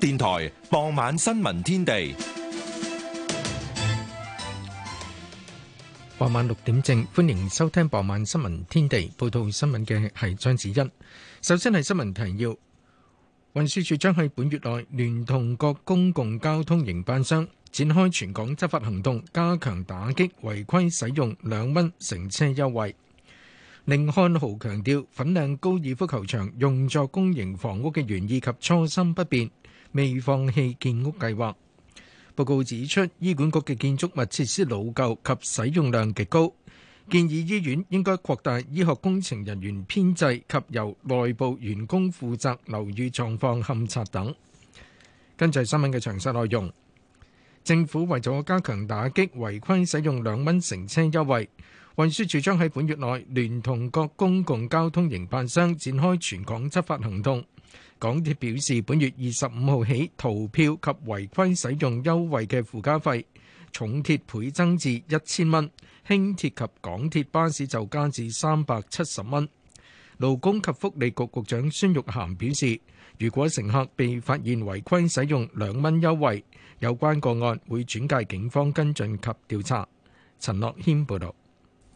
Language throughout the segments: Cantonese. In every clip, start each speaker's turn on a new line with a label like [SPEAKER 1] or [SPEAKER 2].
[SPEAKER 1] 電台傍晚新聞天地，傍晚六
[SPEAKER 2] 點正歡迎收聽傍晚新聞天地。報道新聞嘅係張子欣。首先係新聞提要。運輸署將喺本月內聯同各公共交通營辦商展開全港執法行動，加強打擊違規使用兩蚊乘車優惠。寧漢豪，強調，粉嶺高爾夫球場用作公營房屋嘅原意及初心不變。未放棄建屋計劃。報告指出，醫管局嘅建築物設施老舊及使用量極高，建議醫院應該擴大醫學工程人員編制及由內部員工負責樓宇狀況勘查等。跟住新聞嘅詳細內容，政府為咗加強打擊違規使用兩蚊乘車優惠，運輸處將喺本月內聯同各公共交通營辦商展開全港執法行動。港鐵表示，本月二十五號起，逃票及違規使用優惠嘅附加費，重鐵倍增至一千蚊，輕鐵及港鐵巴士就加至三百七十蚊。勞工及福利局局長孫玉菡表示，如果乘客被發現違規使用兩蚊優惠，
[SPEAKER 3] 有關個案會轉介警方跟進及調查。陳樂謙報導。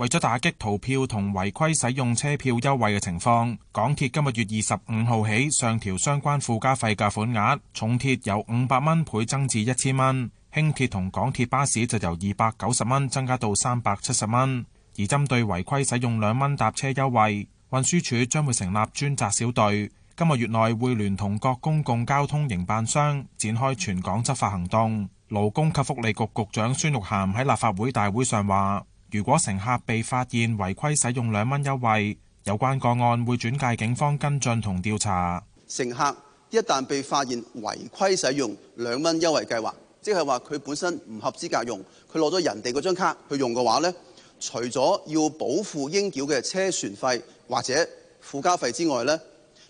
[SPEAKER 3] 為咗打擊逃票同違規使用車票優惠嘅情況，港鐵今個月二十五號起上調相關附加費價款額，重鐵由五百蚊倍增至一千蚊，輕鐵同港鐵巴士就由二百九十蚊增加到三百七十蚊。而針對違規使用兩蚊搭車優惠，運輸署將會成立專責小隊，今個月內會聯同各公共交通營辦商展開全港執法行動。勞工及福利局局長孫玉菡喺立法會大會上話。如果乘客被發現違規使用兩蚊優惠，有關個案會轉介警方跟進同調查。
[SPEAKER 4] 乘客一旦被發現違規使用兩蚊優惠計劃，即係話佢本身唔合資格用，佢攞咗人哋嗰張卡去用嘅話，呢除咗要補付應繳嘅車船費或者附加費之外呢，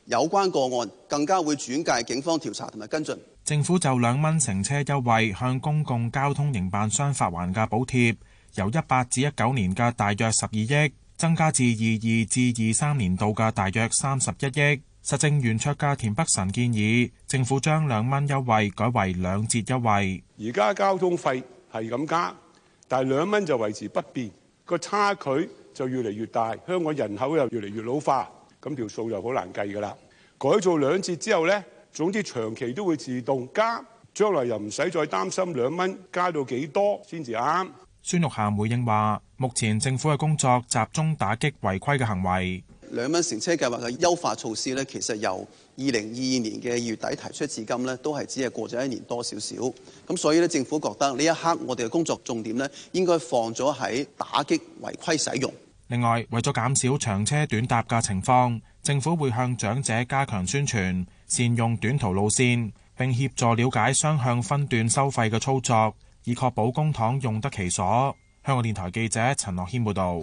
[SPEAKER 4] 有關個案更加會轉介警方調查同埋跟進。
[SPEAKER 3] 政府就兩蚊乘車優惠向公共交通營辦商發還嘅補貼。由一八至一九年嘅大約十二億，增加至二二至二三年度嘅大約三十一億。實政圓桌嘅田北辰建議，政府將兩蚊優惠改為兩折優惠。
[SPEAKER 1] 而家交通費係咁加，但係兩蚊就維持不變，個差距就越嚟越大。香港人口又越嚟越老化，咁條數又好難計噶啦。改做兩折之後呢，總之長期都會自動加，將來又唔使再擔心兩蚊加到幾多先至啱。
[SPEAKER 3] 孫玉菡回應話，目前政府嘅工作集中打擊違規嘅行為。
[SPEAKER 4] 兩蚊乘車計劃嘅優化措施呢，其實由二零二二年嘅月底提出至今呢，都係只係過咗一年多少少。咁所以呢，政府覺得呢一刻我哋嘅工作重點呢，應該放咗喺打擊違規使用。
[SPEAKER 3] 另外，為咗減少長車短搭嘅情況，政府會向長者加強宣傳，善用短途路線，並協助了解雙向分段收費嘅操作。以確保公帑用得其所。香港電台記者陳樂謙報道，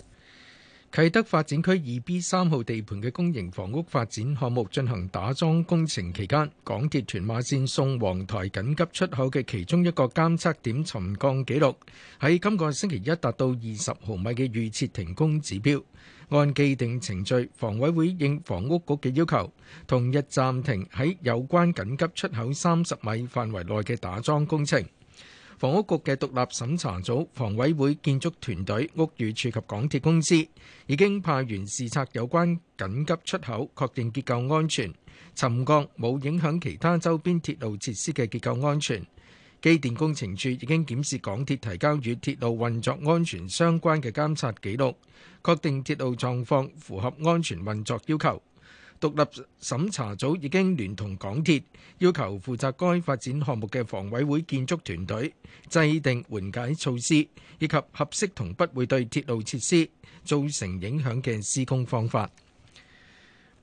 [SPEAKER 3] 啟德發展區二 B 三號地盤嘅公營房屋發展項目
[SPEAKER 2] 進行打樁工程期間，港鐵屯馬線宋皇臺緊急出口嘅其中一個監測點沉降紀錄喺今個星期一達到二十毫米嘅預設停工指標，按既定程序，房委會應房屋局嘅要求，同日暫停喺有關緊急出口三十米範圍內嘅打樁工程。房屋局嘅獨立審查組、房委會建築團隊、屋宇處及港鐵公司已經派員視察有關緊急出口，確定結構安全，沉降冇影響其他周邊鐵路設施嘅結構安全。機電工程處已經檢視港鐵提交與鐵路運作安全相關嘅監察記錄，確定鐵路狀況符合安全運作要求。獨立審查組已經聯同港鐵，要求負責該發展項目嘅房委會建築團隊制定緩解措施，以及合適同不會對鐵路設施造成影響嘅施工方法。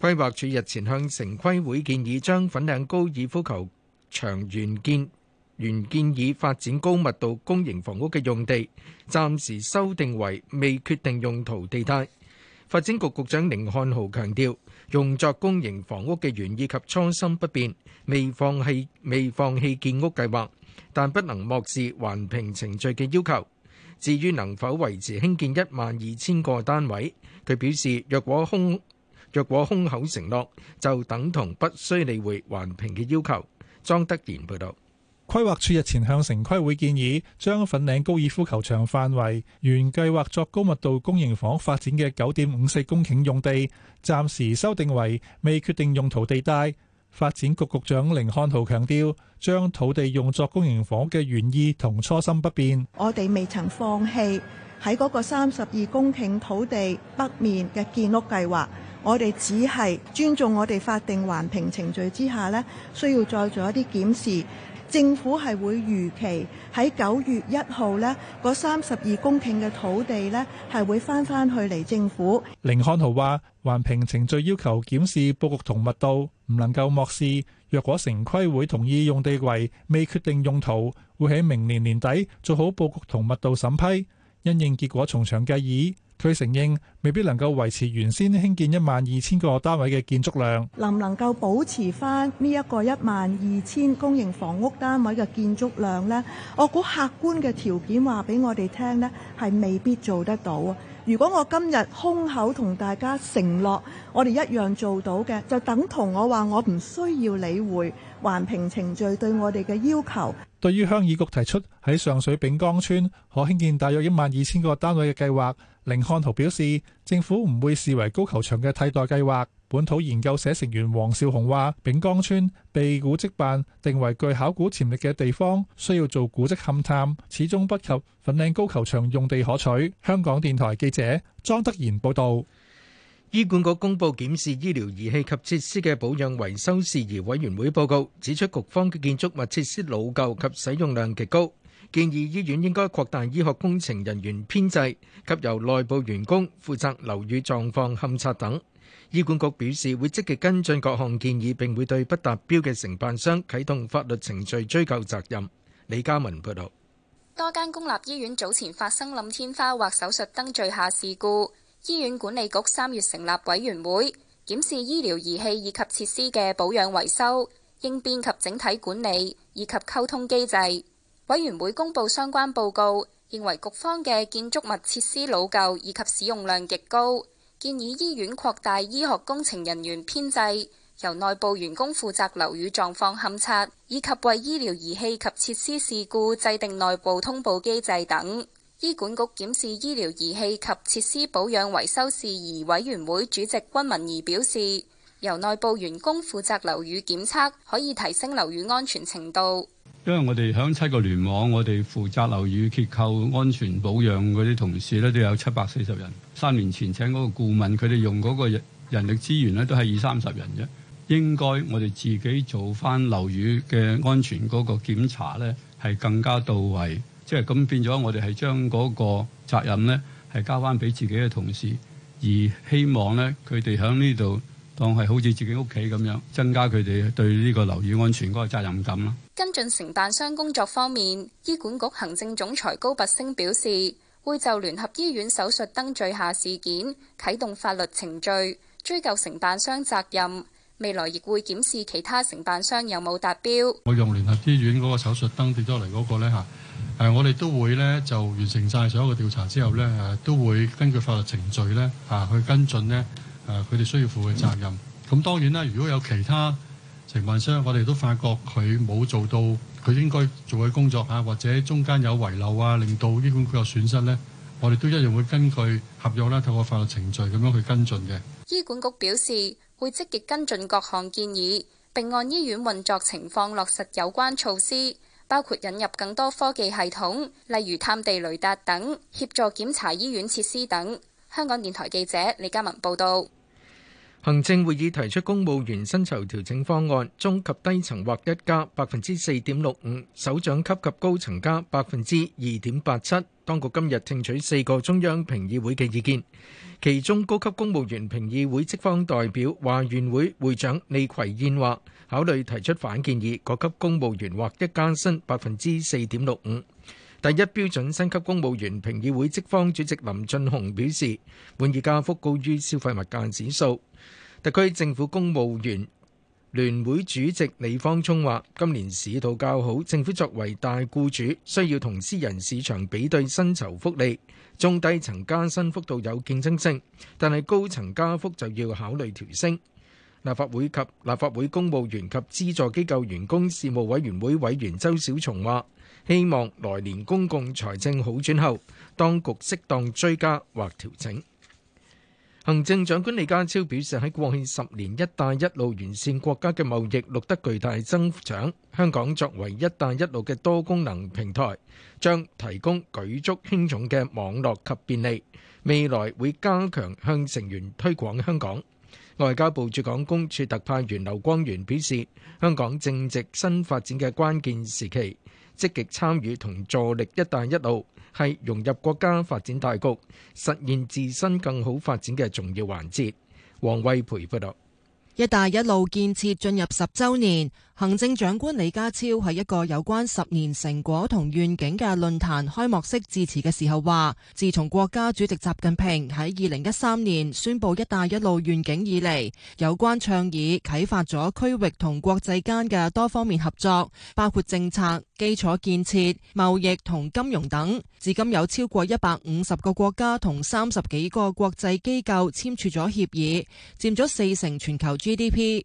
[SPEAKER 2] 規劃署日前向城規會建議，將粉嶺高爾夫球場原建原建議發展高密度公營房屋嘅用地，暫時修訂為未決定用途地帶。發展局局長甯漢豪強調。用作公營房屋嘅原意及初心不變，未放棄未放棄建屋計劃，但不能漠視環評程序嘅要求。至於能否維持興建一萬二千個單位，佢表示若果空若果空口承諾，就
[SPEAKER 1] 等同不需理
[SPEAKER 2] 會環評嘅要求。莊德賢報道。
[SPEAKER 1] 規劃署日前向城規會建議，將粉嶺高爾夫球場範圍原計劃作高密度公營房發展嘅九點五四公頃用地，暫時修訂為未決定用途地帶。發展局局長甯漢豪強調，將土地用作公營房嘅原意同初心不變。
[SPEAKER 5] 我哋未曾放棄喺嗰個三十二公頃土地北面嘅建屋計劃，我哋只係尊重我哋法定環評程序之下呢，需要再做一啲檢視。政府係會預期喺九月一號呢嗰三十二公頃嘅土地呢，係會翻翻去嚟政府。
[SPEAKER 1] 凌漢豪話：環評程序要求檢視佈局同密度，唔能夠漠視。若果城規會同意用地為未決定用途，會喺明年年底做好佈局同密度審批，因應結果從長計議。佢承認未必能夠維持原先興建一萬二千個單位嘅建築量，
[SPEAKER 5] 能唔能夠保持返呢一個一萬二千公營房屋單位嘅建築量呢？我估客觀嘅條件話俾我哋聽呢，係未必做得到。如果我今日空口同大家承諾，我哋一樣做到嘅，就等同我話我唔需要理會環評程序對我哋嘅要求。
[SPEAKER 1] 對於鄉議局提出喺上水丙江村可興建大約一萬二千個單位嘅計劃，甯漢豪表示政府唔會視為高球場嘅替代計劃。本土研究社成員黃少雄話：丙江村被古蹟辦定為具考古潛力嘅地方，需要做古蹟勘探，始終不及粉嶺高球場用地可取。香港電台記者莊德賢報導。醫管局公布，檢視醫療儀器及設施嘅保
[SPEAKER 2] 養維修事宜委員會報告，指出局方嘅建築物設施老舊及使用量極高，建議醫院應該擴大醫學工程人員編制，及由內部員工負責樓宇狀況勘察等。醫管局表示會積極跟進各項建議，並會對不達標嘅承辦商啟動法律程序追究責任。李嘉文報道。
[SPEAKER 6] 多間公立醫院早前發生冧天花或手術燈墜下事故。醫院管理局三月成立委員會，檢視醫療儀器以及設施嘅保養維修、應變及整體管理以及溝通機制。委員會公布相關報告，認為局方嘅建築物設施老舊以及使用量極高，建議醫院擴大醫學工程人員編制，由內部員工負責樓宇狀況勘察，以及為醫療儀器及設施事故制定內部通報機制等。醫管局檢視醫療儀器及設施保養維修事宜委員會主席溫文儀表示，由內部員工負責樓宇檢測，可以提升樓宇安全程度。
[SPEAKER 7] 因為我哋響七個
[SPEAKER 8] 聯網，我哋負責樓宇結構安全保養嗰啲同事呢，都有七百四十人。三年前請嗰個顧問，佢哋用嗰個人力資源呢都係二三十人啫。應該我哋自己做翻樓宇嘅安全嗰個檢查呢，係更加到位。即係咁變咗，我哋係將嗰個責任呢係交翻俾自己嘅同事，而希望呢，佢哋喺呢度當係好似自己屋企咁樣，增加佢哋對呢個樓宇安全嗰個責任感啦。
[SPEAKER 6] 跟進承辦商工作方面，醫管局行政總裁高拔昇表示，會就聯合醫院手術燈墜下事件啟動法律程序，追究承辦商責任。未來亦會檢視其他承辦商有冇達標。
[SPEAKER 1] 我用聯合醫院嗰個手術燈跌咗嚟嗰個咧嚇啊、我哋都會咧就完成晒所有嘅調查之後咧、啊，都會根據法律程序咧、啊、去跟進咧誒，佢、啊、哋需要負嘅責任。咁當然啦，如果有其他承辦商，我哋都發覺佢冇做到佢應該做嘅工作、啊、或者中間有遺漏啊，令到醫管局有損失咧，我哋都一樣會根據合約啦，透過法律程序咁樣去跟進嘅。
[SPEAKER 6] 醫管局表示會積極跟進各項建議，並按醫院運作情況落實有關措施。包括引入更多科技系統，例如探地雷達等，協助檢查醫院設施等。香港電台記者李嘉文報道。
[SPEAKER 2] 行政會議提出公務員薪酬調整方案，中及低層或一加百分之四點六五，首長級及高層加百分之二點八七。當局今日聽取四個中央評議會嘅意見，其中高級公務員評議會職方代表華員會會長李葵燕話。考慮提出反建議，各級公務員劃一加薪百分之四點六五。第一標準薪級公務員評議會職方主席林進雄表示，滿意加幅高於消費物價指數。特區政府公務員聯會主席李方沖話：今年市道較好，政府作為大雇主，需要同私人市場比對薪酬福利，中低層加薪幅度有競爭性，但係高層加幅就要考慮調升。立法會及立法會公務員及資助機構員工事務委員會委員周小松話：希望來年公共財政好轉後，當局適當追加或調整。行政長官李家超表示：喺過去十年，「一帶一路」完善國家嘅貿易錄得巨大增長，香港作為「一帶一路」嘅多功能平台，將提供舉足輕重嘅網絡及便利。未來會加強向成員推廣香港。外交部駐港公署特派員劉光源表示，香港正值新發展嘅關鍵時期，積極參與同助力「一帶一路」係融入國家發展大局、實現自身更好發展嘅重要環節。王惠培報道：
[SPEAKER 7] 「一帶一路」建設進入十週年。行政長官李家超喺一個有關十年成果同願景嘅論壇開幕式致辭嘅時候話，自從國家主席習近平喺二零一三年宣佈“一帶一路”願景以嚟，有關倡議啟發咗區域同國際間嘅多方面合作，包括政策、基礎建設、貿易同金融等。至今有超過一百五十個國家同三十幾個國際機構簽署咗協議，佔咗四成全球 GDP。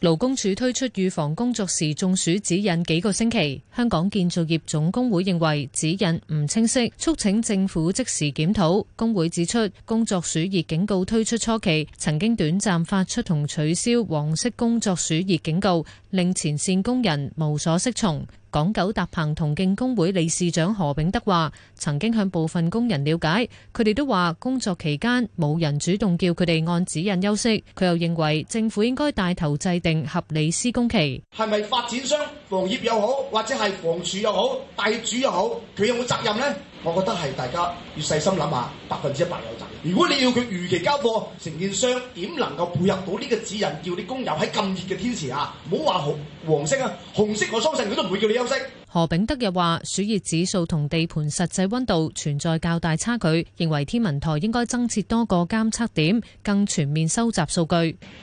[SPEAKER 9] 勞工處推出預防工作時中暑指引幾個星期，香港建造業總工會認為指引唔清晰，促請政府即時檢討。工會指出，工作暑熱警告推出初期，曾經短暫發出同取消黃色工作暑熱警告，令前線工人無所適從。港九搭棚同敬工會理事長何炳德話：曾經向部分工人了解，佢哋都話工作期間冇人主動叫佢哋按指引休息。佢又認為政府應該帶頭制定合理施工期。係咪
[SPEAKER 4] 發展商、房業又好，或者係房署又好、大業主又好，佢有冇責任呢？我覺得係大家要細心諗下，百分之一百有責任。如果你要佢如期交貨，承建商點能夠配合到呢個指引，叫啲工友喺咁熱嘅天時啊？唔好話紅黃色啊，紅色我相信佢都唔會叫你休息。
[SPEAKER 9] 何炳德又話，暑熱指數同地盤實際温度存在較大差距，認為天文台應該增設多個監測點，更全面收集數據。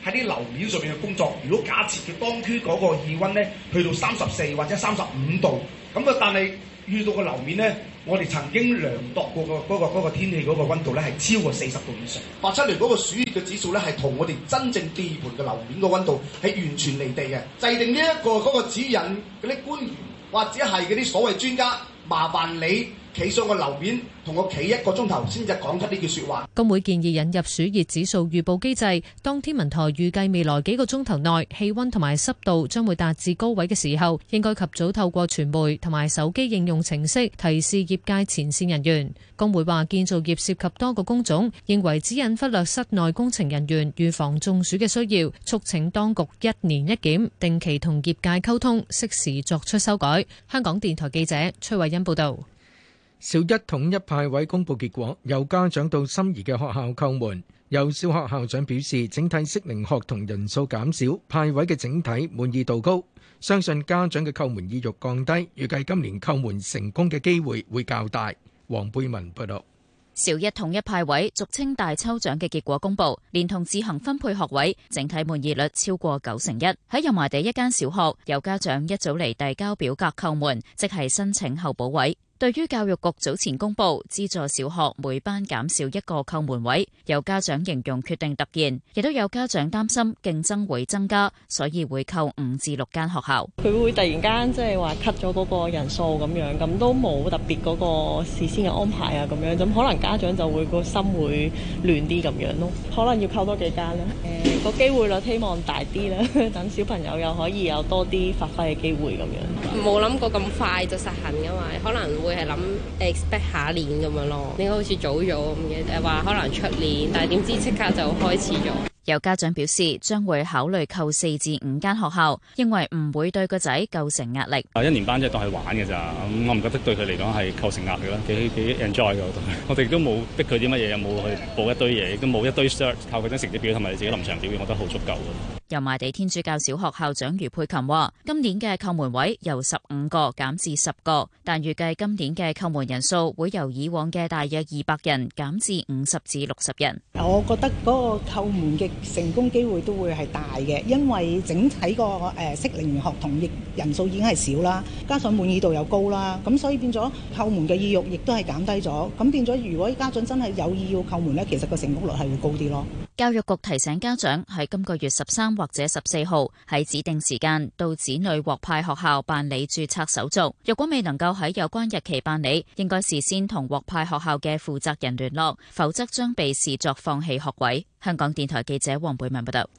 [SPEAKER 3] 喺啲樓面上面嘅工作，如果假設嘅當區嗰個氣温呢，去到三十四或者三十五度，咁嘅但係。遇到個樓面咧，我哋曾經量度過個嗰個嗰個天氣嗰個温度咧，係超過四十度以上。發出嚟嗰個暑熱嘅指數咧，係同我
[SPEAKER 4] 哋真正地盤嘅樓面個温度係完全離地嘅。制定呢、這、一個嗰、嗰個指引嗰啲官員或者係嗰啲所謂專家。麻煩你企上個樓面同我企一個鐘頭先至講出呢句說話。
[SPEAKER 9] 工會建議引入暑熱指數預報機制，當天文台預計未來幾個鐘頭內氣溫同埋濕度將會達至高位嘅時候，應該及早透過傳媒同埋手機應用程式提示業界前線人員。工會話建造業涉及多個工種，認為指引忽略室內工程人員預防中暑嘅需要，促請當局一年一檢，定期同業界溝通，適時作出修改。香港電台記者崔慧欣。報道：
[SPEAKER 2] 小一統一派位公布結果，有家長到心儀嘅學校叩門。有小學校長表示，整體適齡學童人數減少，派位嘅整體滿意度高，相信家長嘅叩門意欲降低，預計今年叩門成功嘅機會會較大。黃貝文
[SPEAKER 10] 報道。小一統一派位，俗稱大抽獎嘅結果公佈，連同自行分配學位，整體滿意率超過九成一。喺油麻地一間小學，有家長一早嚟遞交表格叩門，即係申請候補位。對於教育局早前公布資助小學每班減少一個叩門位，有家長形容決定突然，亦都有家長擔心競爭會增加，所以會扣五至六間學校。佢會突然
[SPEAKER 5] 間即係話 cut 咗嗰個人數咁樣，咁都冇特別嗰個事先嘅安排啊，咁樣咁可能家長就會、個心會亂啲咁樣咯。可能要扣多幾間呢？誒、呃、個機會率希望大啲啦，等小朋友又可以有多啲發揮嘅機會咁樣。冇諗過咁快就實行嘅嘛，可能會係諗 expect 下年咁
[SPEAKER 10] 樣咯，點解好似早咗？咁嘅話可能出年，但係點知即刻就開始咗。有家長表示將會考慮叩四至五間學校，認為唔會對個仔構成
[SPEAKER 8] 壓力。啊，一年班即係當係玩嘅咋，我唔覺得對佢嚟講係構成壓力啦，幾幾 enjoy 嘅。我我哋都冇逼佢啲乜嘢，又冇去報一堆嘢，亦都冇一堆 cert，靠佢張成績表同埋自己臨
[SPEAKER 1] 場表現，我覺得好足夠嘅。
[SPEAKER 10] 油麻地天主教小學校長余佩琴話，今年嘅叩門位由十五個減至十個，但預計今年嘅叩門人數會由以往嘅大約二百人減至五十至六十人。
[SPEAKER 5] 我覺得嗰個叩門嘅成
[SPEAKER 4] 功機會都會係大嘅，因為整體個誒適齡學童亦人數已經
[SPEAKER 5] 係少啦，加上滿意度又高啦，咁所以變咗叩門嘅意慾亦都係減低咗。咁變咗，如果家長真係有意要叩門咧，其實個成功率係會高啲咯。教育局提醒家
[SPEAKER 10] 長喺今個月十三。或者十四號喺指定時間到子女獲派學校辦理注冊手續。若果未能夠喺有關日期辦理，應該事先同獲派學校嘅負責人聯絡，否則將被視作放棄學位。香港電台記者黃貝文報道。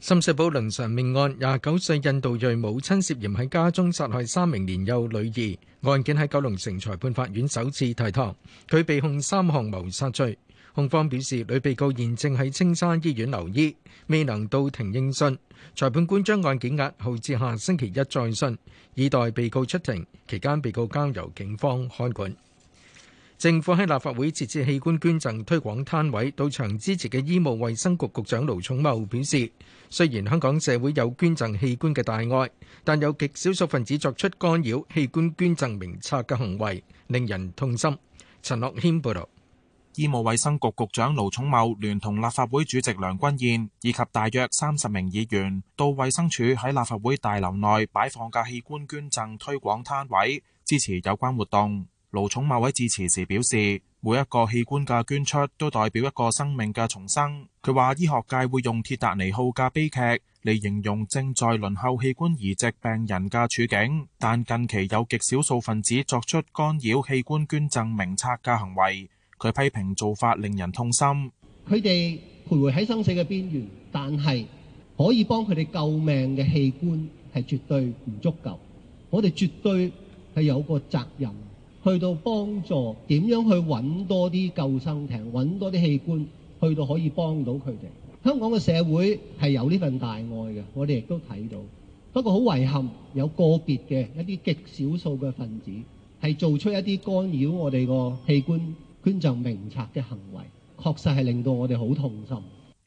[SPEAKER 2] 深水埗倫常命案，廿九歲印度裔母親涉嫌喺家中殺害三名年幼女兒，案件喺九龍城裁判法院首次提堂，佢被控三項謀殺罪。控方表示，女被告現正喺青山醫院留醫，未能到庭應訊。裁判官將案件押後至下星期一再訊，以待被告出庭。期間被告交由警方看管。政府喺立法會設置器官捐贈推廣攤位，到場支持嘅醫務衛生局局長盧寵茂表示，雖然香港社會有捐贈器官嘅大愛，但有極少數分子作出干擾器官捐贈名冊嘅行為，令人痛心。
[SPEAKER 3] 陳樂謙報道。醫務衛生局局長盧寵茂聯同立法會主席梁君彥，以及大約三十名議員到衛生署喺立法會大樓內擺放嘅器官捐贈推廣攤位，支持有關活動。盧寵茂喺致辭時表示，每一個器官嘅捐出都代表一個生命嘅重生。佢話醫學界會用鐵達尼號嘅悲劇嚟形容正在輪候器官移植病人嘅處境，但近期有極少數分子作出干擾器官捐贈名冊嘅行為。佢批評做法令人痛心。
[SPEAKER 4] 佢哋徘徊喺生死嘅邊緣，但係可以幫佢哋救命嘅器官係絕對唔足夠。我哋絕對係有個責任去到幫助點樣去揾多啲救生艇，揾多啲器官去到可以幫到佢哋。香港嘅社會係有呢份大愛嘅，我哋亦都睇到。不過好遺憾，有個別嘅一啲極少數嘅分子係做出一啲干擾我哋個器官。捐贈名冊嘅行為，確實係令到我哋好痛心。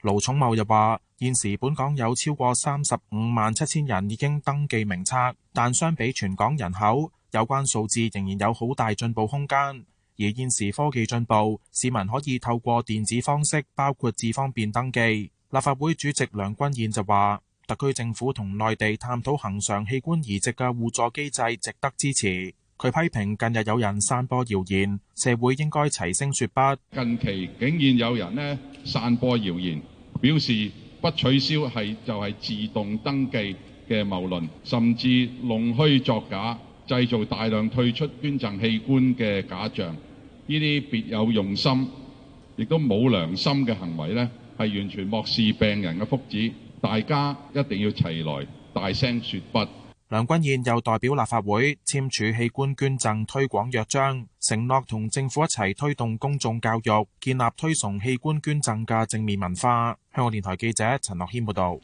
[SPEAKER 3] 盧寵茂又話：現時本港有超過三十五萬七千人已經登記名冊，但相比全港人口，有關數字仍然有好大進步空間。而現時科技進步，市民可以透過電子方式，包括智方便登記。立法會主席梁君彥就話：特區政府同內地探討恆常器官移植嘅互助機制，值得支持。佢批評近日有人散播謠言，社會應該齊聲說不。近期竟然有人呢散播謠言，表示
[SPEAKER 1] 不取消係就係自動登記嘅謬論，甚至弄虛作假，製造大量退出捐贈器官嘅假象。呢啲別有用心，亦都冇良心嘅行為呢，係完全漠視病人嘅福祉。大家一定要齊來大聲說不。梁君彥
[SPEAKER 3] 又代表立法會簽署器官捐贈推廣約章，承諾同政府一齊推動公眾教育，建立推崇器官捐贈嘅正面文化。香港電台記者陳樂謙報道。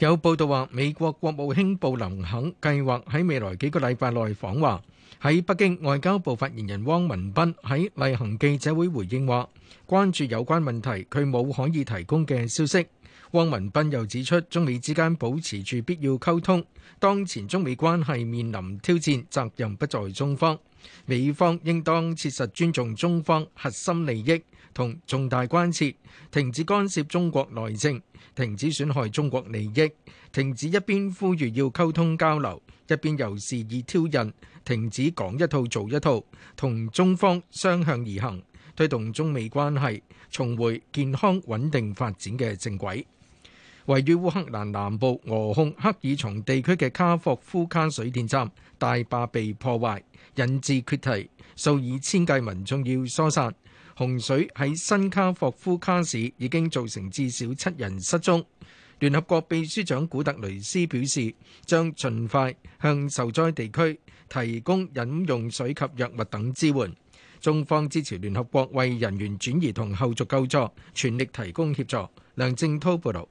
[SPEAKER 3] 有報道話，美國國務卿布林肯計劃
[SPEAKER 2] 喺未來幾個禮拜內訪華。喺北京外交部發言人汪文斌喺例行記者會回應話，關注有關問題，佢冇可以提供嘅消息。汪文斌又指出，中美之間保持住必要溝通。當前中美關係面臨挑戰，責任不在中方，美方應當切實尊重中方核心利益同重大關切，停止干涉中國內政，停止損害中國利益，停止一邊呼籲要溝通交流，一邊又肆意挑釁，停止講一套做一套，同中方相向而行，推動中美關係重回健康穩定發展嘅正軌。位於烏克蘭南，南部俄控克爾松地區嘅卡霍夫卡水電站大壩被破壞，引致決堤，數以千計民眾要疏散。洪水喺新卡霍夫卡市已經造成至少七人失蹤。聯合國秘書長古特雷斯表示，將盡快向受災地區提供飲用水及藥物等支援。中方支
[SPEAKER 4] 持聯合國為人員轉移同後續救助，全力提供協助。梁正滔報道。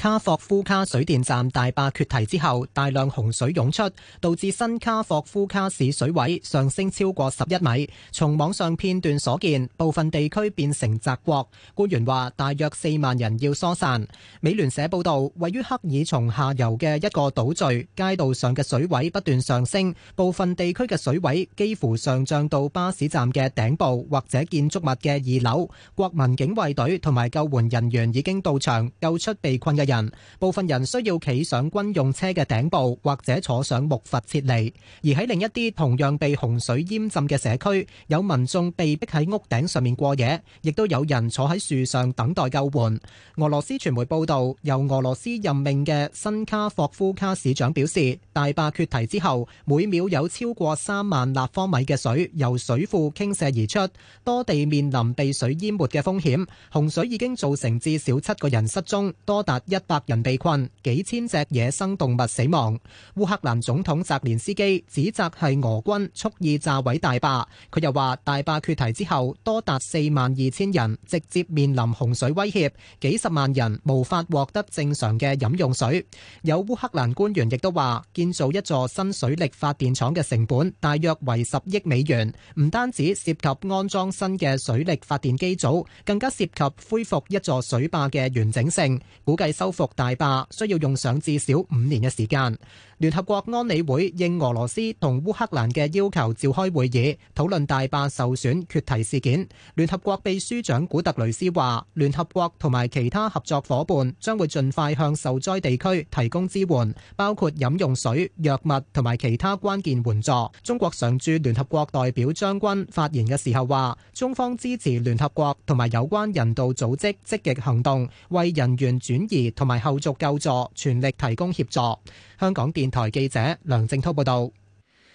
[SPEAKER 4] 卡霍夫卡水電站大壩決堤之後，大量洪水湧出，導致新卡霍夫卡市水位上升超過十一米。從網上片段所見，部分地區變成澤國。官員話，大約四萬人要疏散。美聯社報道，位於克爾松下游嘅一個島嶼街道上嘅水位不斷上升，部分地區嘅水位幾乎上漲到巴士站嘅頂部或者建築物嘅二樓。國民警衛隊同埋救援人員已經到場救出被困嘅人。人部分人需要企上軍用車嘅頂部或者坐上木筏撤離，而喺另一啲同樣被洪水淹浸嘅社區，有民眾被逼喺屋頂上面過夜，亦都有人坐喺樹上等待救援。俄羅斯傳媒報道，由俄羅斯任命嘅新卡霍夫卡市長表示，大壩決堤之後，每秒有超過三萬立方米嘅水由水庫傾瀉而出，多地面臨被水淹沒嘅風險。洪水已經造成至少七個人失蹤，多達一。百人被困，幾千隻野生動物死亡。烏克蘭總統澤連斯基指責係俄軍蓄意炸毀大壩。佢又話，大壩決堤之後，多達四萬二千人直接面臨洪水威脅，幾十萬人無法獲得正常嘅飲用水。有烏克蘭官員亦都話，建造一座新水力發電廠嘅成本大約為十億美元，唔單止涉及安裝新嘅水力發電機組，更加涉及恢復一座水壩嘅完整性，估計收。修復大壩需要用上至少五年嘅時間。聯合國安理會應俄羅斯同烏克蘭嘅要求召開會議，討論大壩受損缺堤事件。聯合國秘書長古特雷斯話：聯合國同埋其他合作伙伴將會盡快向受災地區提供支援，包括飲用水、藥物同埋其他關鍵援助。中國常駐聯合國代表張軍發言嘅時候話：中方支持聯合國同埋有關人道組織積極行動，為人員轉移同埋後續救助全力提供協助。香港電。台記者梁正濤報道：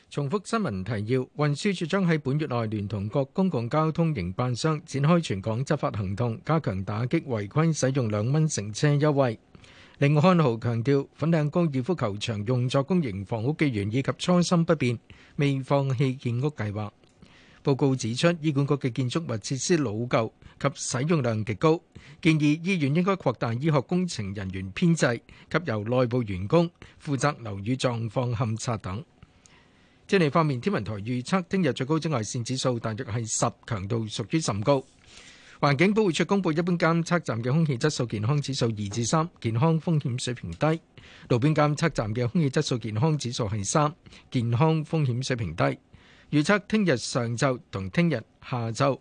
[SPEAKER 2] 重複新聞提要，運輸署將喺本月內聯同各公共交通營辦商展開全港執法行動，加強打擊違規使用兩蚊乘車優惠。另外，寧漢豪強調，粉嶺高爾夫球場用作公營房屋嘅原，以及初心不變，未放棄建屋計劃。報告指出，醫管局嘅建築物設施老舊及使用量極高，建議醫院應該擴大醫學工程人員編制，及由內部員工負責樓宇狀況勘察等。天氣方面，天文台預測聽日最高紫外線指數大約係十，強度屬於甚高。環境保護署公佈一般監測站嘅空氣質素健康指數二至三，健康風險水平低；路邊監測站嘅空氣質素健康指數係三，健康風險水平低。預測聽日上晝同聽日下晝，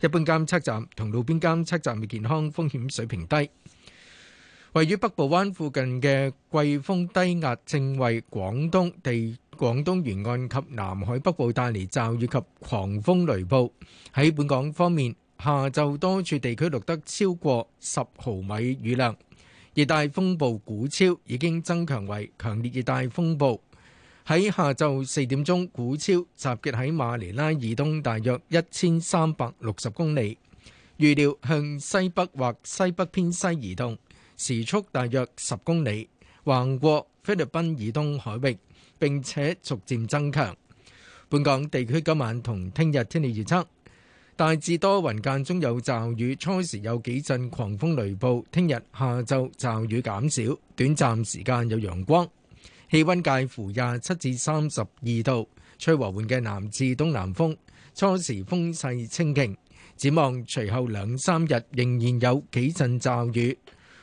[SPEAKER 2] 一般監測站同路邊監測站嘅健康風險水平低。位於北部灣附近嘅季風低壓正為廣東地、廣東沿岸及南海北部帶嚟驟雨及狂風雷暴。喺本港方面，下晝多處地區錄得超過十毫米雨量。熱帶風暴古超已經增強為強烈熱帶風暴。喺下晝四點鐘，古超集結喺馬尼拉以東大約一千三百六十公里，預料向西北或西北偏西移動，時速大約十公里，橫過菲律賓以東海域，並且逐漸增強。本港地區今晚同聽日天氣預測：大致多雲，間中有驟雨，初時有幾陣狂風雷暴。聽日下晝驟雨減少，短暫時間有陽光。氣溫介乎廿七至三十二度，吹和緩嘅南至東南風，初時風勢清勁。展望隨後兩三日仍然有幾陣驟雨，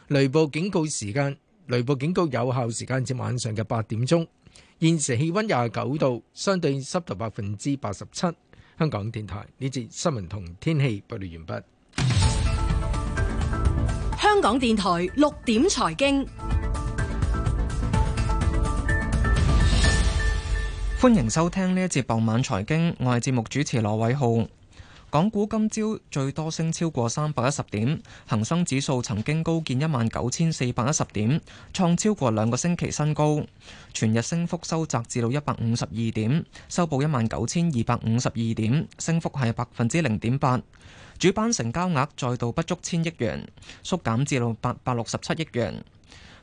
[SPEAKER 2] 雷暴警告時間，雷暴警告有效時間至晚上嘅八點鐘。現時氣温廿九度，相對濕度百分之八十七。香港電台呢節新聞同天氣報道完畢。
[SPEAKER 11] 香港電台六點財經。
[SPEAKER 12] 歡迎收聽呢一節傍晚財經，我係節目主持羅偉浩。港股今朝最多升超過三百一十點，恒生指數曾經高見一萬九千四百一十點，創超過兩個星期新高。全日升幅收窄至到一百五十二點，收報一萬九千二百五十二點，升幅係百分之零點八。主板成交額再度不足千億元，縮減至到八百六十七億元。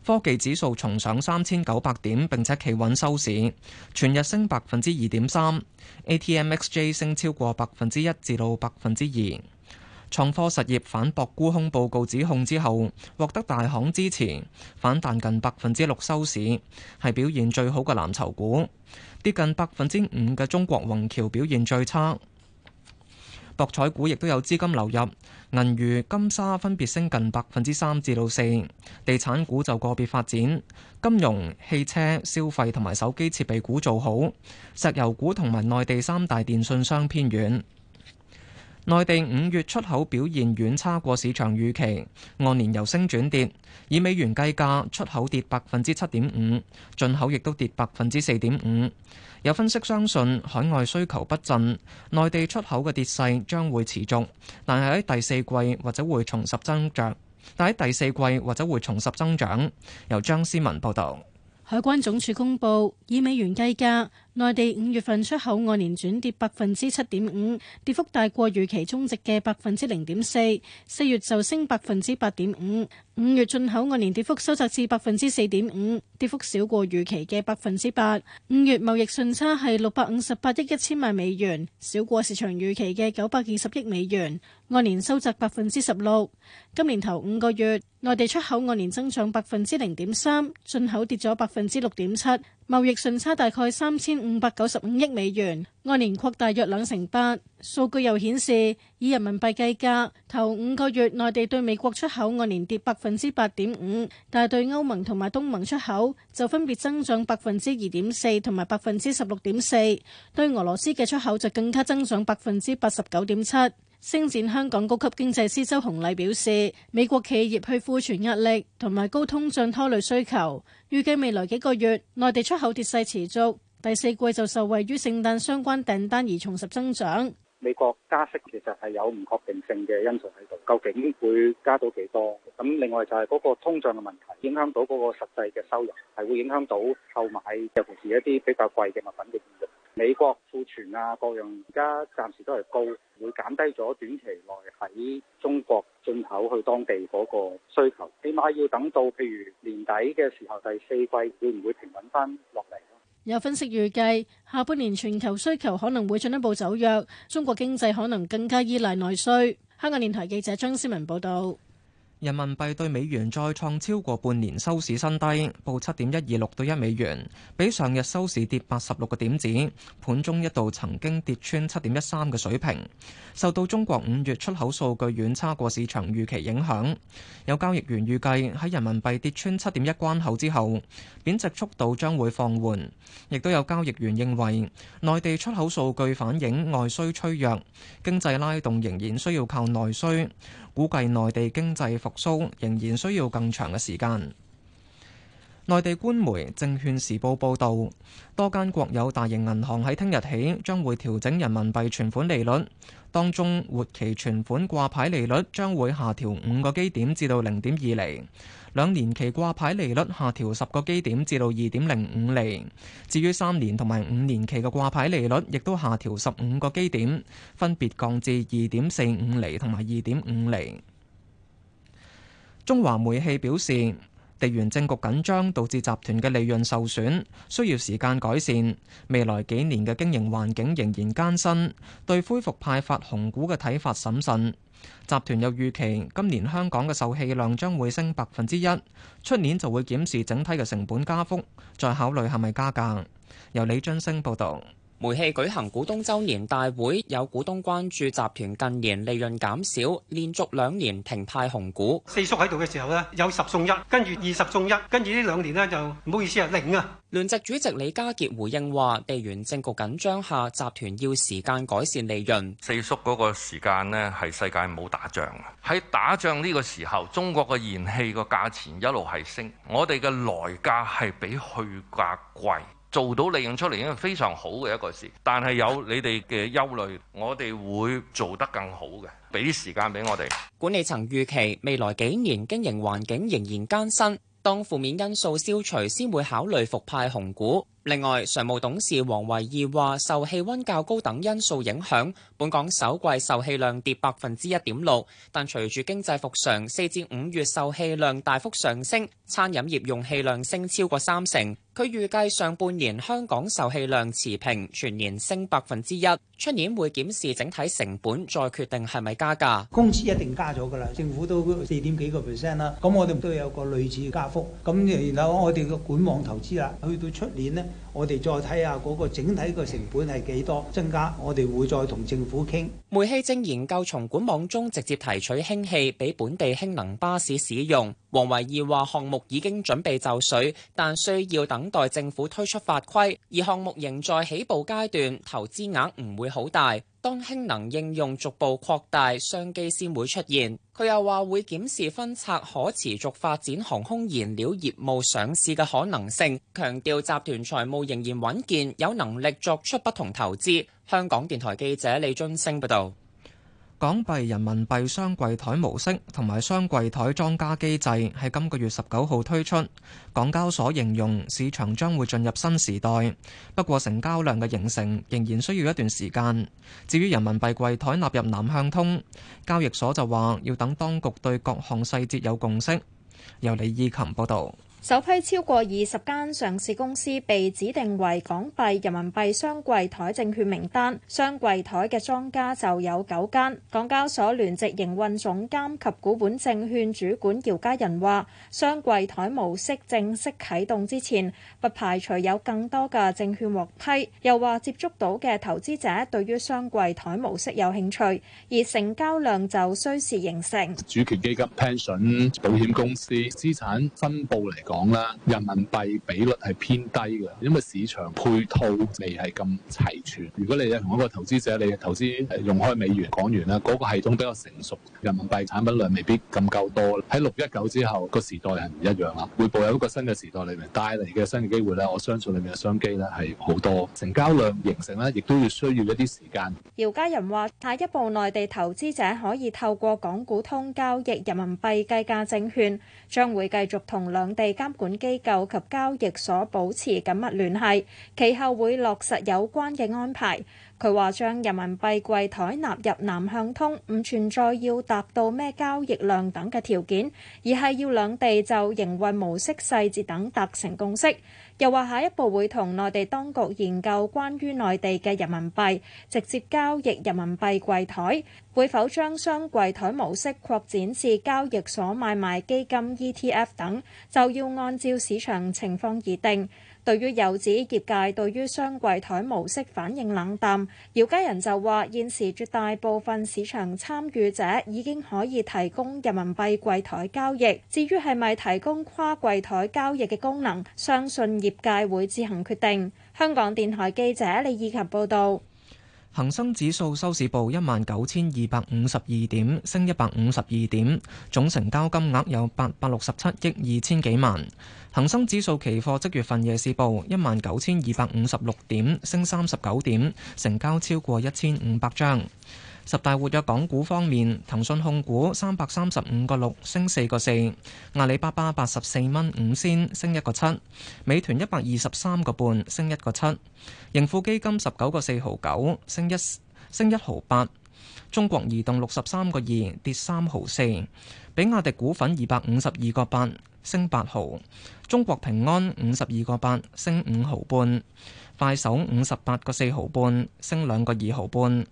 [SPEAKER 12] 科技指數重上三千九百點，並且企穩收市，全日升百分之二點三。ATMXJ 升超過百分之一至到百分之二。創科實業反駁沽空報告指控之後，獲得大行支持，反彈近百分之六收市，係表現最好嘅藍籌股。跌近百分之五嘅中國宏橋表現最差。博彩股亦都有資金流入，銀娛金沙分別升近百分之三至到四。地產股就個別發展，金融、汽車、消費同埋手機設備股做好，石油股同埋內地三大電信商偏軟。內地五月出口表現遠差過市場預期，按年由升轉跌，以美元計價出口跌百分之七點五，進口亦都跌百分之四點五。有分析相信海外需求不振，內地出口嘅跌勢將會持續，但係喺第四季或者會重拾增長，但喺第四季或者會重拾增長，由張思文報道，
[SPEAKER 11] 海關總署公布以美元計價。內地五月份出口按年轉跌百分之七點五，跌幅大過預期中值嘅百分之零點四。四月就升百分之八點五。五月進口按年跌幅收窄至百分之四點五，跌幅少過預期嘅百分之八。五月貿易順差係六百五十八億一千萬美元，少過市場預期嘅九百二十億美元，按年收窄百分之十六。今年頭五個月，內地出口按年增長百分之零點三，進口跌咗百分之六點七。貿易順差大概三千五百九十五億美元，按年擴大約兩成八。數據又顯示，以人民幣計價，頭五個月內地對美國出口按年跌百分之八點五，但對歐盟同埋東盟出口就分別增長百分之二點四同埋百分之十六點四，對俄羅斯嘅出口就更加增長百分之八十九點七。星展香港高級經濟師周洪禮表示，美國企業去庫存壓力同埋高通脹拖累需求，預計未來幾個月內地出口跌勢持續，第四季就受惠於聖誕相關訂單而重拾增長。
[SPEAKER 1] 美國加息其實係有唔確定性嘅因素喺度，究竟會加到幾多？咁另外就係嗰個通脹
[SPEAKER 8] 嘅問題，影響到嗰個實際嘅收入，係會影響到購買，尤其是一啲比較貴嘅物品嘅美國庫存啊，各樣而家暫時都係高，會減低咗短期內喺中國進口去當地嗰個需求，起碼要等到譬如年底嘅時候，第四季會唔會平穩翻落嚟？
[SPEAKER 11] 有分析預計，下半年全球需求可能會進一步走弱，中國經濟可能更加依賴內需。香港電台記者張思文報道。
[SPEAKER 12] 人民幣對美元再創超過半年收市新低，報七點一二六對一美元，比上日收市跌八十六個點子。盤中一度曾經跌穿七點一三嘅水平，受到中國五月出口數據遠差過市場預期影響。有交易員預計喺人民幣跌穿七點一關口之後，貶值速度將會放緩。亦都有交易員認為，內地出口數據反映外需趨弱，經濟拉動仍然需要靠內需。估計內地經濟復甦仍然需要更長嘅時間。內地官媒《證券時報》報導，多間國有大型銀行喺聽日起將會調整人民幣存款利率，當中活期存款掛牌利率將會下調五個基點至到零點二厘，兩年期掛牌利率下調十個基點至到二點零五厘。至於三年同埋五年期嘅掛牌利率亦都下調十五個基點，分別降至二點四五厘同埋二點五厘。中華煤氣表示，地緣政局緊張，導致集團嘅利潤受損，需要時間改善。未來幾年嘅經營環境仍然艱辛，對恢復派發紅股嘅睇法審慎。集團又預期今年香港嘅售氣量將會升百分之一，出年就會檢視整體嘅成本加幅，再考慮係咪加價。由李津升報道。煤氣舉行股
[SPEAKER 8] 東周年大會，有股東關注集團近年利潤減少，連續兩年停派紅股。四叔喺度嘅時候呢，有十送一，跟住二十送一，跟住呢兩年呢，就唔好意思啊，零啊。聯席主席李家傑回應話：地緣政局緊張下，集團要時間改善利潤。四叔嗰個時間呢，係世界冇打仗。喺打仗呢個時候，中國嘅燃氣個價錢一路係升，我哋嘅來價係比去價貴。做到利用出嚟，因為非常好嘅一個事，但係有你哋嘅憂慮，我哋會做得更好嘅，俾啲時間俾我哋。管理層預期未來幾年經營環境仍然艱辛，當負面因素消除，先會考慮復派紅股。另外，常務董事黃維義話，受氣溫較高等因素影響，本港首季售氣量跌百分之一點六，但隨住經濟復常，四至五月售氣量大幅上升，餐飲業用氣量升超過三成。佢預計上半年香港售氣量持平，全年升百分之一。出年會檢視整體成本，再決定係咪加價。工資一定加咗㗎喇，政府都四點幾個 percent 啦。咁我哋都有個類似嘅加幅。咁然後我哋嘅管網投資啦，去到出年呢。我哋再睇下嗰個整體嘅成本係幾多增加，我哋會再同政府傾。煤氣正研究從管網中直接提取氫氣俾本地氫能巴士使用。王維義話項目已經準備就緒，但需要等待政府推出法規，而項目仍在起步階段，投資額唔會好大。當氫能應用逐步擴大，商機先會出現。佢又話會檢視分拆可持續發展航空燃料業務上市嘅可能性，強調集團財務仍然穩健，有能力作出不同投資。香港電台記者李俊升報導。
[SPEAKER 12] 港幣人民幣雙櫃台模式同埋雙櫃台莊家機制喺今個月十九號推出，港交所形容市場將會進入新時代。不過成交量嘅形成仍然需要一段時間。至於人民幣櫃台納入南向通，交易所就話要等當局對各項細節有共識。由李依琴報道。
[SPEAKER 13] 首批超過二十間上市公司被指定為港幣、人民幣雙櫃台證券名單，雙櫃台嘅莊家就有九間。港交所聯席營運總監及股本證券主管姚嘉仁話：雙櫃台模式正式啟動之前，不排除有更多嘅證券獲批。又話接觸到嘅投資者對於雙櫃台模式有興趣，而成交量就需時形成。
[SPEAKER 1] 主權基金、pension、保險公司資產分佈嚟講，講啦，人民幣比率係偏低嘅，因為市場配套未係咁齊全。如果你係同一個投資者，你嘅投資用開美元、港元啦，嗰個系統比較成熟，人民幣產品量未必咁夠多。喺六一九之後個時代係唔一樣啦，會步入一個新嘅時代裏面，帶嚟嘅新嘅機會咧，我相信裏面嘅商機咧係好多。成交量形成咧，亦都要需要一啲時間。
[SPEAKER 13] 姚嘉仁話下一步，內地投資者可以透過港股通交易人民幣計價證券，將會繼續同兩地監管機構及交易所保持緊密聯繫，其後會落實有關嘅安排。佢話將人民幣櫃台納入南向通，唔存在要達到咩交易量等嘅條件，而係要兩地就營運模式細節等達成共識。又話下一步會同內地當局研究關於內地嘅人民幣直接交易人民幣櫃台，會否將雙櫃台模式擴展至交易所買賣基金 ETF 等，就要按照市場情況而定。對於有指業界對於雙櫃台模式反應冷淡，姚嘉仁就話：現時絕大部分市場參與者已經可以提供人民幣櫃台交易，至於係咪提供跨櫃台交易嘅功能，相信業界會自行決定。香港電台記者李義勤報道。
[SPEAKER 12] 恒生指數收市報一萬九千二百五十二點，升一百五十二點，總成交金額有八百六十七億二千幾萬。恒生指數期貨即月份夜市報一萬九千二百五十六點，升三十九點，成交超過一千五百張。十大活躍港股方面，騰訊控股三百三十五個六，升四個四；阿里巴巴八十四蚊五仙，升一個七；美團一百二十三個半，升一個七；盈富基金十九個四毫九，升一升一毫八；中國移動六十三個二，跌三毫四；比亞迪股份二百五十二個八。升八毫，中國平安五十二個八，升五毫半；快手五十八個四毫半，升兩個二毫半；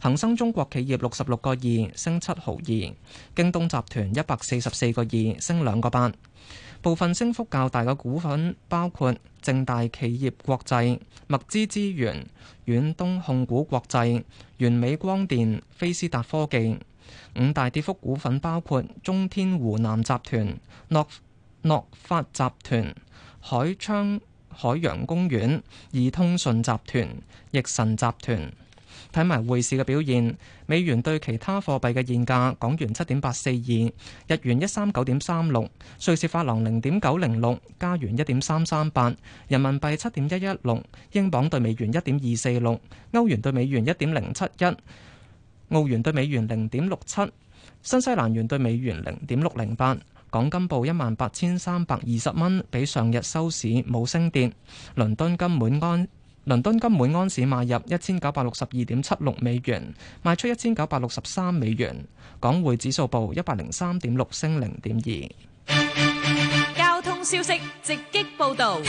[SPEAKER 12] 恒生中國企業六十六個二，升七毫二；京東集團一百四十四個二，升兩個八。部分升幅較大嘅股份包括正大企業國際、麥資資源、遠東控股國際、完美光電、飛思達科技。五大跌幅股份包括中天湖南集團、諾諾發集團、海昌海洋公園、易通訊集團、易神集團。睇埋匯市嘅表現，美元對其他貨幣嘅現價，港元七點八四二，日元一三九點三六，瑞士法郎零點九零六，加元一點三三八，人民幣七點一一六，英鎊兌美元一點二四六，歐元兌美元一點零七一。澳元兌美元零點六七，新西蘭元兌美元零點六零八，港金報一萬八千三百二十蚊，比上日收市冇升跌。倫敦金每安，倫敦金每安士買入一千九百六十二點七六美元，賣出一千九百六十三美元。港匯指數報一百零三點六，升零點二。
[SPEAKER 9] 交通消息直擊報道。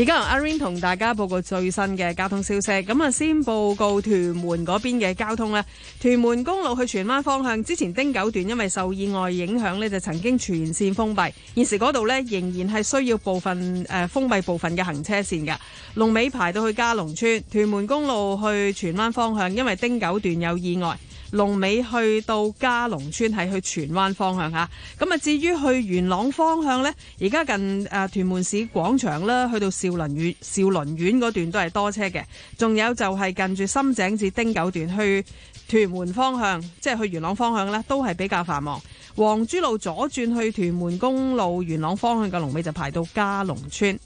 [SPEAKER 5] 而家由阿 Ring 同大家報告最新嘅交通消息。咁啊，先報告屯門嗰邊嘅交通呢。屯門公路去荃灣方向，之前汀九段因為受意外影響呢，就曾經全線封閉。現時嗰度呢仍然係需要部分誒封閉部分嘅行車線㗎。龍尾排到去嘉龍村。屯門公路去荃灣方向，因為汀九段有意外。龍尾去到嘉龍村，係去荃灣方向吓。咁啊，至於去元朗方向呢，而家近誒屯門市廣場啦，去到兆麟苑、兆麟苑嗰段都係多車嘅，仲有就係近住深井至丁九段去屯門方向，即係去元朗方向呢，都係比較繁忙。黃珠路左轉去屯門公路元朗方向嘅龍尾就排到嘉龍村。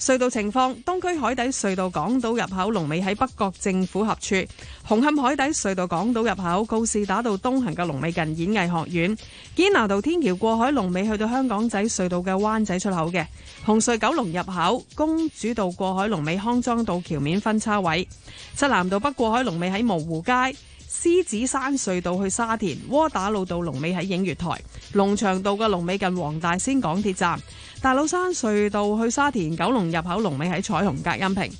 [SPEAKER 5] 隧道情況：東區海底隧道港島入口龍尾喺北角政府合署；紅磡海底隧道港島入口告士打道東行嘅龍尾近演藝學院；堅拿道天橋過海龍尾去到香港仔隧道嘅灣仔出口嘅；紅隧九龍入口公主道過海龍尾康莊道橋面分叉位；漆咸道北過海龍尾喺蕪湖街。獅子山隧道去沙田，窩打老道龍尾喺映月台；龍翔道嘅龍尾近黃大仙港鐵站；大老山隧道去沙田，九龍入口龍尾喺彩虹隔音屏。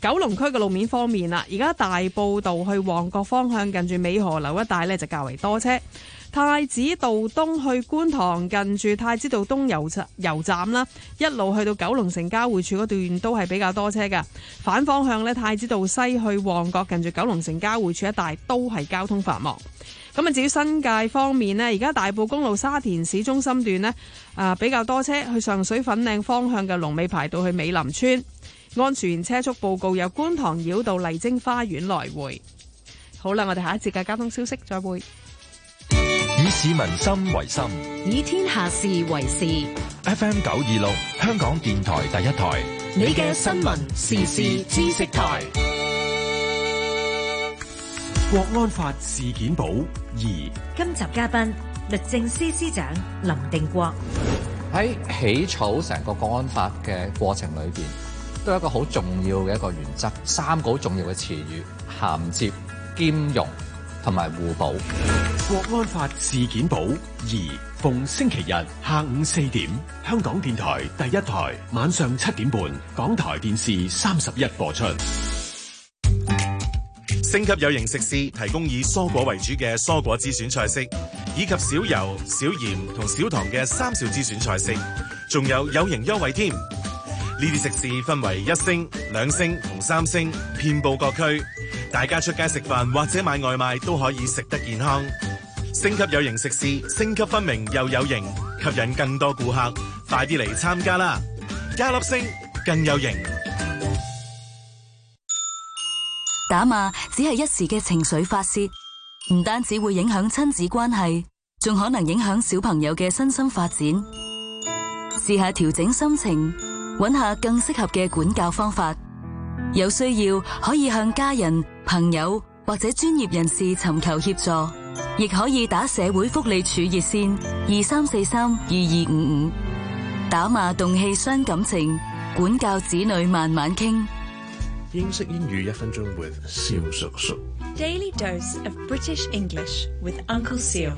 [SPEAKER 5] 九龍區嘅路面方面啦，而家大埔道去旺角方向，近住美荷樓一帶咧，就較為多車；太子道東去觀塘，近住太子道東油油站啦，一路去到九龍城交匯處嗰段都係比較多車嘅。反方向呢，太子道西去旺角，近住九龍城交匯處一帶都係交通繁忙。咁啊，至於新界方面咧，而家大埔公路沙田市中心段呢啊比較多車，去上水粉嶺方向嘅龍尾排到去美林村。安全車速報告由觀塘繞道麗晶花園來回。好啦，我哋下一節嘅交通消息再會。
[SPEAKER 1] 以市民心為心，
[SPEAKER 5] 以天下事為事。
[SPEAKER 1] FM 九二六，香港電台第一台，
[SPEAKER 9] 你嘅新聞時事知
[SPEAKER 3] 識台。
[SPEAKER 1] 國安法事件簿
[SPEAKER 4] 二。
[SPEAKER 10] 今集嘉賓律政司司長林定國，
[SPEAKER 4] 喺起草成個國安法嘅過程裏邊，都有一個好重要嘅一個原則，三個好重要嘅詞語：銜接、兼容同埋互補。
[SPEAKER 1] 國安法事件簿二，逢星期日下午四點，香港電台第一台晚上七點半，港台電視三十一播出。
[SPEAKER 3] 星級有營食肆提供以蔬果為主嘅蔬果之選菜式，以及少油、少鹽同少糖嘅三少之選菜式，仲有有營優惠添。呢啲食肆分為一星、兩星同三星，遍佈各區。大家出街食飯或者買外賣都可以食得健康。星級有型食肆，星級分明又有型，吸引更多顧客。快啲嚟參加啦！加粒星更有型。
[SPEAKER 9] 打罵只係一時嘅情緒發洩，唔單止會影響親子關係，仲可能影響小朋友嘅身心發展。試下調整心情。揾下更適合嘅管教方法，有需要可以向家人、朋友或者專業人士尋求協助，亦可以打社會福利處熱線二三四三二二五五。打罵動氣傷感情，管教子女慢慢傾。
[SPEAKER 1] 英式英語一分鐘 with 肖叔叔。
[SPEAKER 9] Daily
[SPEAKER 13] dose of British English
[SPEAKER 9] with Uncle Seal。